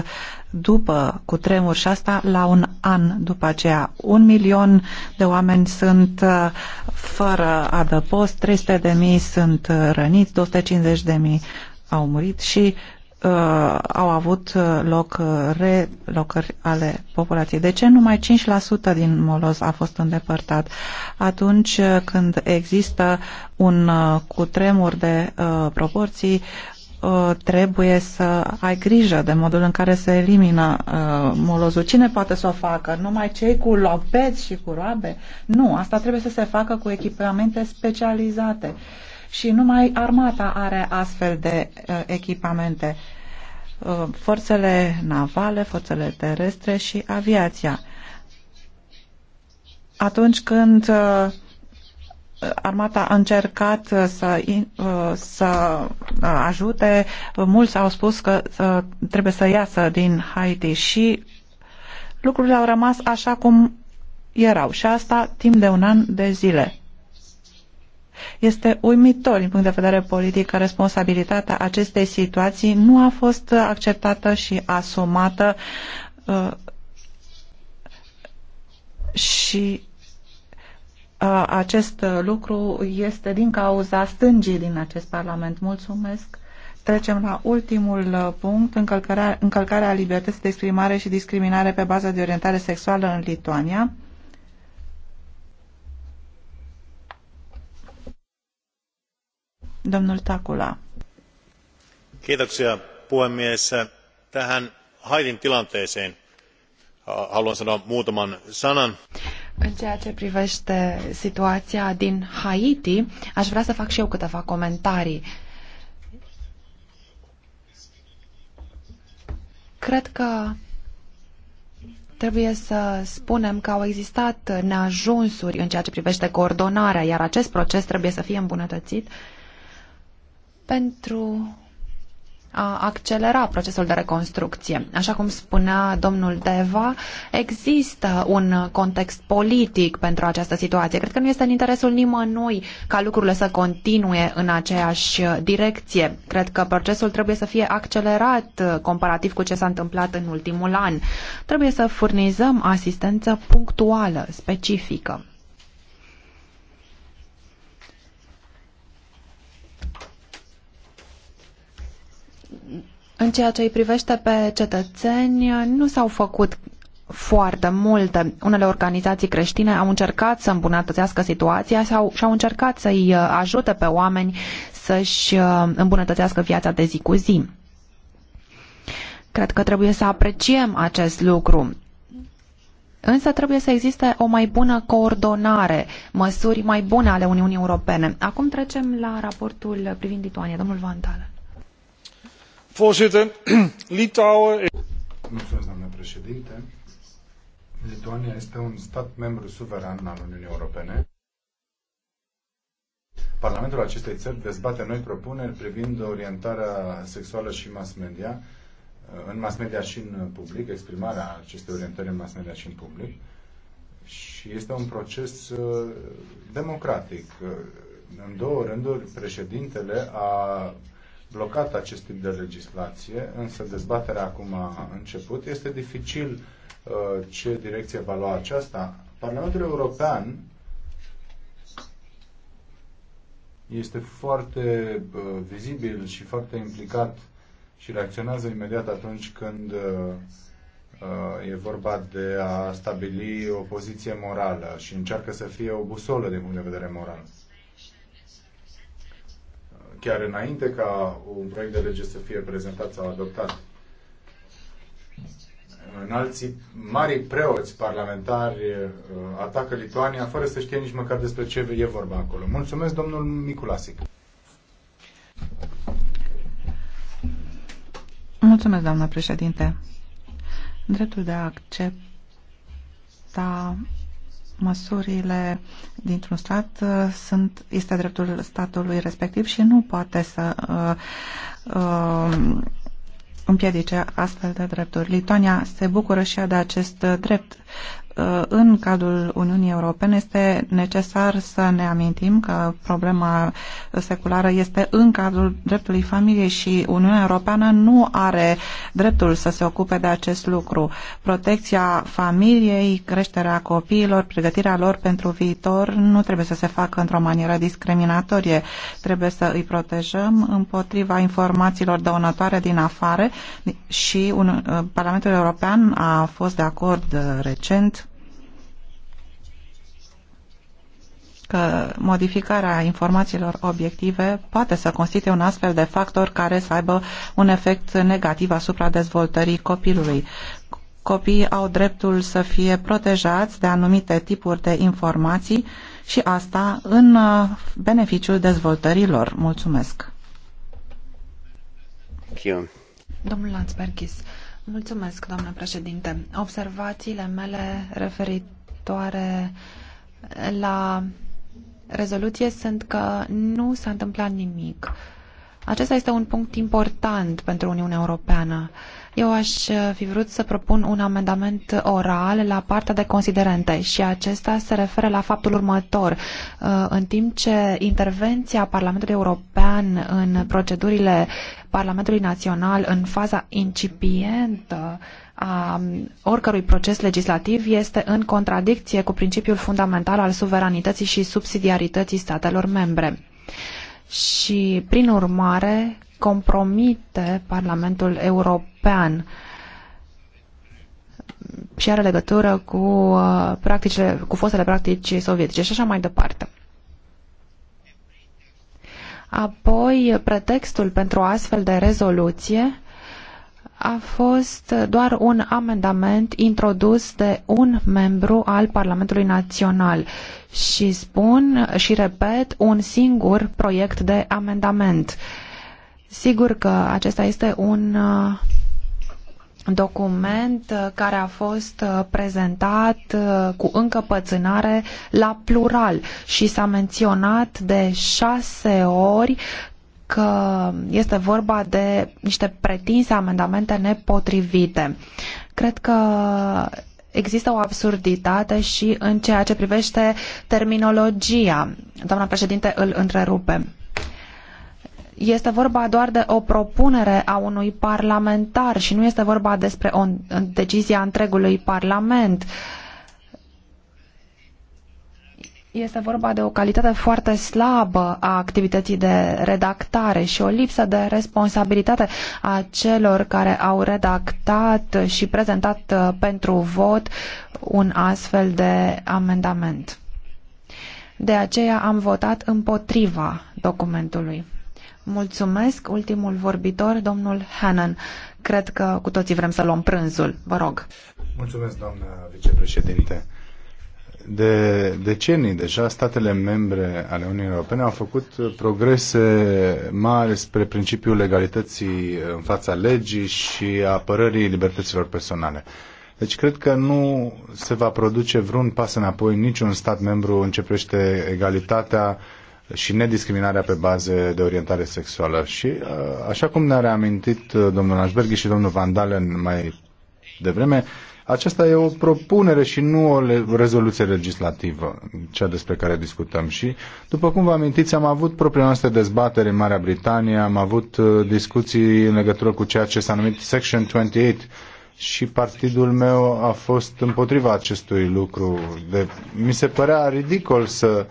după cu tremur și asta la un an după aceea. Un milion de oameni sunt uh, fără adăpost, 300 de mii sunt răniți, 250 de mii au murit și uh, au avut uh, loc uh, relocări ale populației. De ce numai 5% din Molos a fost îndepărtat? Atunci uh, când există un uh, cutremur de uh, proporții, trebuie să ai grijă de modul în care se elimină uh, molozul. Cine poate să o facă? Numai cei cu lopeți și cu roabe? Nu, asta trebuie să se facă cu echipamente specializate. Uh, și numai armata are astfel de uh, echipamente. Uh, forțele navale, forțele terestre și aviația. Atunci când uh, armata a încercat să, să ajute, mulți au spus că trebuie să iasă din Haiti și lucrurile au rămas așa cum erau și asta timp de un an de zile. Este uimitor din punct de vedere politic că responsabilitatea acestei situații nu a fost acceptată și asumată uh, și uh, acest lucru este din cauza stângii din acest Parlament. Mulțumesc! Trecem la ultimul uh, punct, încălcarea, încălcarea libertății de exprimare și discriminare pe bază de orientare sexuală în Lituania. Domnul puhemies. Tähän Haitin tilanteeseen haluan sanoa muutaman sanan. În ceea ce privește situația din Haiti, aș vrea să fac și eu câteva comentarii. Cred că trebuie să spunem că au existat neajunsuri în ceea ce privește coordonarea, iar acest proces trebuie să fie îmbunătățit uh, pentru a accelera procesul de reconstrucție. Așa cum spunea domnul Deva, există un context politic pentru această situație. Cred că nu este în interesul nimănui ca lucrurile să continue în aceeași direcție. Cred că procesul trebuie să fie accelerat uh, comparativ cu ce s-a întâmplat în ultimul an. Trebuie să furnizăm asistență punctuală, specifică. În ceea ce îi privește pe cetățeni, nu s-au făcut foarte multe. Unele organizații creștine au încercat să îmbunătățească situația sau și-au încercat să-i uh, ajute pe oameni să-și uh, îmbunătățească viața de zi cu zi. Cred că trebuie să apreciem acest lucru. Însă trebuie să existe o mai bună coordonare, măsuri mai bune ale Uniunii Europene. Acum trecem la raportul privind Lituania. Domnul Vantale. Voorzitter, *clears throat* Litouwen... Mulțumesc, doamnă președinte. Lituania este un stat membru suveran al Uniunii Europene. Parlamentul acestei țări dezbate noi propuneri privind orientarea sexuală și mass media, uh, în mass media și în public, exprimarea acestei orientări în mass media și în public. Și este un proces uh, democratic. Uh, în două rânduri, președintele a blocat acest tip de legislație, însă dezbaterea acum a început. Este dificil uh, ce direcție va lua aceasta. Parlamentul European este foarte uh, vizibil și foarte implicat și reacționează imediat atunci când uh, e vorba de a stabili o poziție morală și încearcă să fie o busolă din punct de vedere moral chiar înainte ca un proiect de lege să fie prezentat sau adoptat. În alții mari preoți parlamentari uh, atacă Lituania fără să știe nici măcar despre ce e vorba acolo. Mulțumesc, domnul Miculasic. Mulțumesc, doamna președinte. Dreptul de a accepta măsurile dintr-un stat uh, sunt, este dreptul statului respectiv și nu poate să uh, uh, împiedice astfel de drepturi. Lituania se bucură și ea de acest drept. Uh, în cadrul Uniunii Europene este necesar să ne amintim că problema seculară este în cadrul dreptului familiei și Uniunea Europeană nu are dreptul să se ocupe de acest lucru. Protecția familiei, creșterea copiilor, pregătirea lor pentru viitor nu trebuie să se facă într-o manieră discriminatorie. Trebuie să îi protejăm împotriva informațiilor dăunătoare din afară și un, uh, Parlamentul European a fost de acord uh, recent că modificarea informațiilor obiective poate să constituie un astfel de factor care să aibă un efect negativ asupra dezvoltării copilului. Copiii au dreptul să fie protejați de anumite tipuri de informații și asta în uh, beneficiul dezvoltării lor. Mulțumesc! Thank Domnul Landsbergis, mulțumesc, doamnă președinte. Observațiile mele referitoare la rezoluție sunt că nu s-a întâmplat nimic. Acesta este un punct important pentru Uniunea Europeană. Eu aș fi vrut să propun un amendament oral la partea de considerente și acesta se referă la faptul următor. Uh, în timp ce intervenția Parlamentului European în procedurile Parlamentului Național în faza incipientă a oricărui proces legislativ este în contradicție cu principiul fundamental al suveranității și subsidiarității statelor membre. Și, prin urmare, compromite Parlamentul European și are legătură cu, uh, practicile, cu fostele practici sovietice și așa mai departe. Apoi, pretextul pentru o astfel de rezoluție a fost doar un amendament introdus de un membru al Parlamentului Național și spun și repet un singur proiect de amendament. Sigur că acesta este un uh, document care a fost uh, prezentat uh, cu încăpățânare la plural și s-a menționat de șase ori că este vorba de niște pretinse amendamente nepotrivite. Cred că există o absurditate și în ceea ce privește terminologia. Doamna președinte îl întrerupe. Este vorba doar de o propunere a unui parlamentar și nu este vorba despre o decizie a întregului parlament. Uh, este vorba de o calitate foarte slabă a activității de redactare și o lipsă de responsabilitate a celor care au redactat și prezentat uh, pentru vot un astfel de amendament. De aceea am votat împotriva documentului. Mulțumesc. Ultimul vorbitor, domnul Hannan. Cred că cu toții vrem să luăm prânzul. Vă rog. Mulțumesc, doamnă vicepreședinte de decenii deja, statele membre ale Uniunii Europene au făcut progrese mari spre principiul legalității în fața legii și a apărării libertăților personale. Deci cred că nu se va produce vreun pas înapoi, niciun stat membru începește egalitatea și nediscriminarea pe baze de orientare sexuală. Și uh, așa cum ne-a reamintit uh, domnul Ashberghi și domnul Vandalen mai devreme, aceasta e o propunere și nu o rezoluție legislativă, cea despre care discutăm. Și, după cum vă amintiți, am avut propria noastră dezbatere în Marea Britanie, am avut uh, discuții în legătură cu ceea ce s-a numit Section 28 și partidul meu a fost împotriva acestui lucru. De, mi se părea ridicol să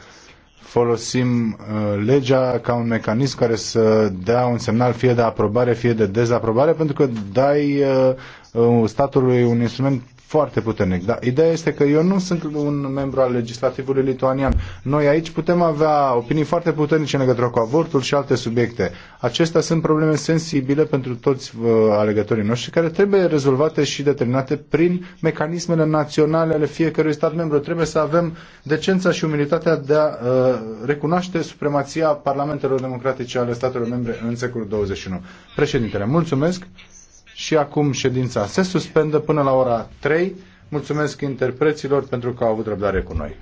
folosim uh, legea ca un mecanism care să dea un semnal fie de aprobare, fie de dezaprobare, pentru că dai uh, Uh, statului un instrument foarte puternic. Dar ideea este că eu nu sunt un membru al legislativului lituanian. Noi aici putem avea opinii foarte puternice în legătură cu avortul și alte subiecte. Acestea sunt probleme sensibile pentru toți uh, alegătorii noștri care trebuie rezolvate și determinate prin mecanismele naționale ale fiecărui stat membru. Trebuie să avem decența și umilitatea de a uh, recunoaște supremația parlamentelor democratice ale statelor membre în secolul 21. Președintele, mulțumesc! și acum ședința se suspendă până la ora 3. Mulțumesc interpreților pentru că au avut răbdare cu noi.